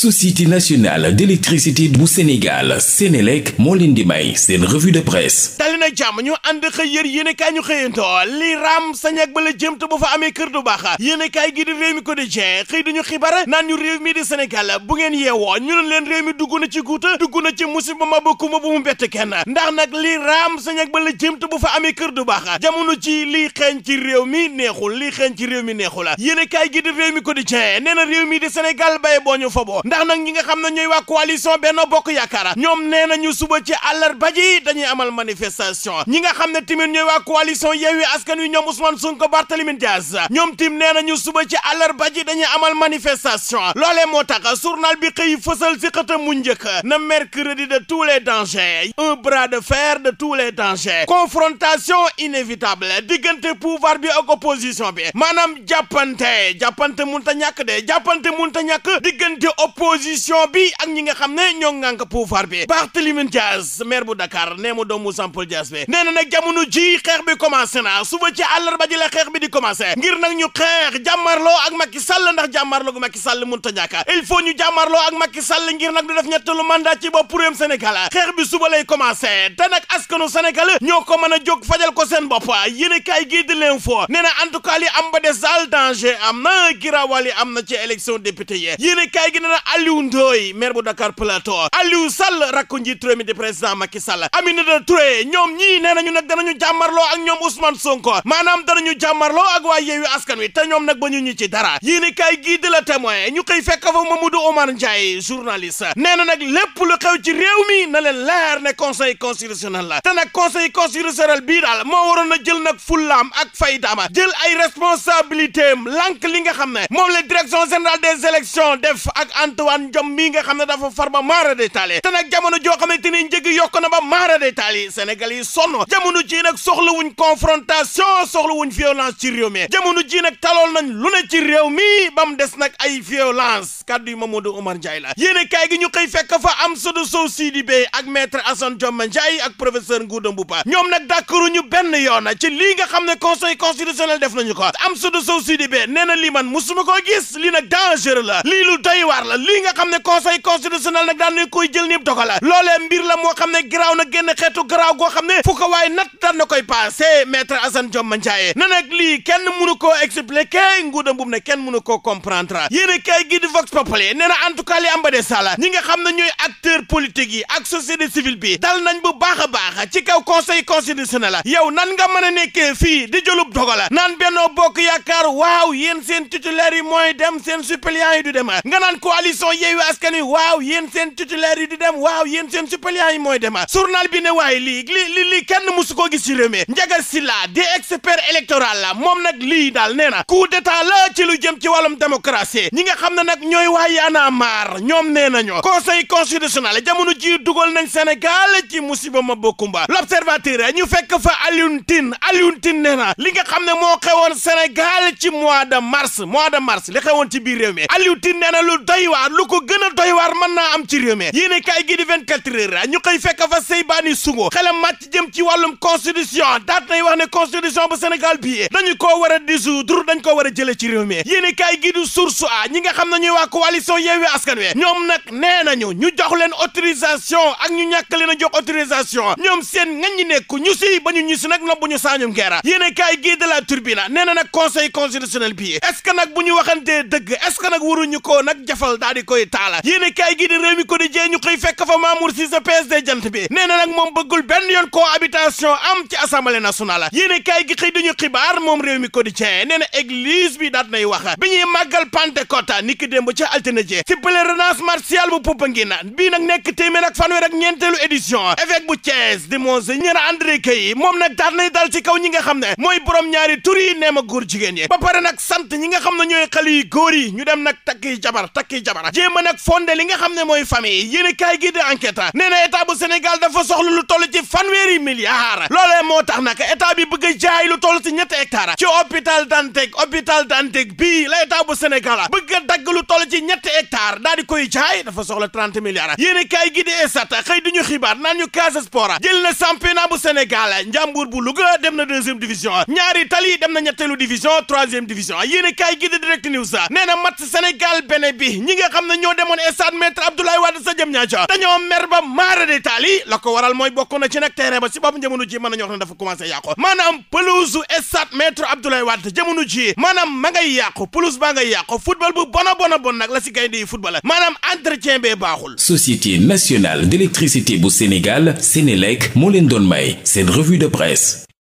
société nationale d'électricité bu Sénégal Sénélec moo leen di may seen revue de presse dali na jàmm ñu ànd xëy yër yéen kaay ñu xëyantoo li raam sañak ba la jëm te bu fa amee kër du baax yéen gii gi di réew mi quotidien xëy dañu xibaar naan ñu réew mi di Sénégal bu ngeen yeewoo ñu ne leen réew mi dugg na ci guuta dugg na ci musiba ma bokkuma bu mu bett kenn ndax nag li raam sañak ba la jëm te bu fa amee kër du baax jamono ci lii xeeñ ci réew mi neexul li xeeñ ci réew mi neexul yéen kaay gi di réew mi quotidien nee na réew mi di Sénégal bay boo ñu ndax nag ñi nga xam ne ñooy waa coalition Benno Bokk Yaakaar ñoom nee nañu suba ci àllarba ji dañuy amal manifestation ñi nga xam ne tamit ñooy waa coalition Yewwi Askan Wi ñoom Ousmane Sonko Barthélémy Dias ñoom tim nee nañu suba ci àllarba ji dañuy amal manifestation loolee moo tax journal bi xëy fësal si xëtam mu njëkk na mercredi de tous les dangers un bras de fer de tous les dangers confrontation inévitable diggante pouvoir bi ak opposition bi maanaam jàppante jàppante munta ñàkk de jàppante munta ñàkk diggante opposition bi ak ñi nga xam ne ñoo ŋànk pouvoir bi Barthélémy Dias maire bu Dakar nee mu doomu Sampol Dias bi nee na nag jamono ji xeex bi commencé na suba ci àllarba ji la xeex bi di commencé ngir nag ñu xeex jàmmarloo ak Macky Sall ndax jàmmarloo gu Macky Sall mun ta ñàkk il faut ñu jàmmarloo ak Macky Sall ngir nag du def ñettalu mandat ci bopp réewum Sénégal xeex bi suba lay commencé te nag askanu Sénégal ñoo ko mën a jóg fajal ko seen bopp yéen a kaay gii di l'info nee na en tout cas li am ba des daal danger am na giraawal yi am na ci élection Aliou Ndoye maire bu Dakar Plateau Aliou Sall rakku njiit réew mi di président Macky Sall Aminata Touré ñoom ñii nee nañu nag danañu jàmmarloo ak ñoom Ousmane Sonko maanaam danañu jàmmarloo ak waa Yewwi Askan Wi te ñoom nag ba ñu ñu ci dara yéen kay gii di la témoin ñu koy fekk fa Mamadou Oumar Ndiaye journaliste nee na nag lépp lu xew ci réew mi na leen leer ne conseil constitutionnel la te nag conseil constitutionnel bii daal moo waroon a jël nag fullaam ak faydaama jël ay responsabilité am lànk li nga xam ne moom la direction générale des élections def ak Antoine Diome mii nga xam ne dafa far ba maara de taali te nag jamono joo xamante ni njëg yokk na ba maara de taali Sénégal yi sonn jamono ji nag soxlawuñ confrontation soxlawuñ violence ci réew mi jamono ji nag talool nañ lu ne ci réew mi ba mu des nag ay violence kàddu yi Mamadou Oumar Ndiaye la yéene kaay gi ñu xëy fekk fa am Amsatou Sow Sidibé ak maître Assane Dioma Ndiaye ak professeur bu Mboupa ñoom nag d'accord ñu benn yoon ci lii nga xam ne conseil constitutionnel def nañu ko Amsatou Sow Sidibé nee na lii man musuma koo gis lii nag dangereux la lii lu doy waar la lii nga xam ne conseil constitutionnel na daan nañ koy jël ni dogal loolee mbir la moo xam ne garaaw na génn xeetu garaaw goo xam ne fu ko waaye nat daan na koy passé maître Assane Dioma Ndiaye na nag lii kenn mënu koo expliquer nguuda mbub ne kenn mënu koo comprendre yéen a kaay di Vox Populi ne na en tout cas li am nga xam ne ñooy acteur politique yi ak société civile bi dal nañ bu baax a baax ci kaw conseil constitutionnel la yow nan nga mën a nekkee fii di jëlub dogal naan Benno Bokk Yaakaar waaw yéen seen titulaire yi mooy dem seen suppléant yi dem nga naan ko coalition Yewwi Askan Wi waaw yéen seen titulaire yi di dem waaw yéen seen suppléants yi mooy dem journal bi ne waaye lii li li lii kenn musu ko gis ci réew mi Ndiaga di expert électoral la moom nag lii daal nee na coup d'état la ci lu jëm ci wàllum démocratie ñi nga xam ne nag ñooy waa Y'en a marre ñoom nee nañu conseil constitutionnel jamono ji dugal nañ Sénégal ci musiba ma bokkumba l'observateur ñu fekk fa Alioune Tine Alioune Tine li nga xam ne moo xewoon Sénégal ci mois de mars mois de mars li xewoon ci biir réew mi waar lu ko gën a doy waar mën naa am ci réew mi yéene kaay gi di ñu koy fekk fa sëy baani sungo xelam màcc jëm ci wàllum constitution daat nay wax ne constitution bu Sénégal bii dañu koo war a dissoudre dañ koo war a jëlee ci réew mi yéene kaay a ñi nga xam ne ñuy waa Askan Wi ñoom nag nee nañu ñu jox leen autorisation ñu ñàkk leen a ñoom seen ngañ ñi nekk ñu si ba ñu ñi nag nob bu ñu saañum geera yéene kaay gi de daal di koy taala yéene kaay gi di réew mi ko di jee ñu xëy fekk fa Mamour Cissé PSD jant bi nee nag moom bëggul benn yoon cohabitation am ci assemblée nationale yéene kaay gi xëy xibaar moom réew mi ko di jee nee na bi daat nay wax bi ñuy màggal Pentecôte ni ki démb ca altine jee ci pèlerinage martial bu Popenguine bii nag nekk téeméer ak fanweer ak ñeenteelu édition évêque bu Thiès di monseigneur André Guèye moom nag daat nay dal ci kaw ñi safara jéema nag fonde li nga xam ne mooy famille yéen kaay gi di enquête nee na état dafa soxla lu toll ci fanweeri milliards loolee moo tax nag état bi a jaay lu toll ci ñetti hectares ci hôpital Dantec hôpital Dantec bii la état bu Sénégal bëgg a dagg lu toll ci ñetti hectares daal di koy jaay dafa soxla trente milliards yéen kaay gi esat xëy di ñu xibaar naan ñu Casa Sport jël na championnat bu Sénégal Njàmbur bu Louga dem na deuxième division ñaari tali dem na ñetteelu xam na ñoo demoon stade maître Abdoulaye Wade sa jëm ñaaca dañoo mer ba maara de taali la ko waral mooy bokk na ci nag terrain ba si bopp jamono ji mën nañu wax ne dafa commencé yàqu maanaam pelouse stade maître Abdoulaye Wade jamono ji maanaam ma ngay yàqu pelouse baa ngay yàqu football bu bona bona bon nag la si gaynde yi football maanaam entretien bee baaxul Société nationale d'électricité bu Sénégal Sénélec moo leen doon may seen revue de presse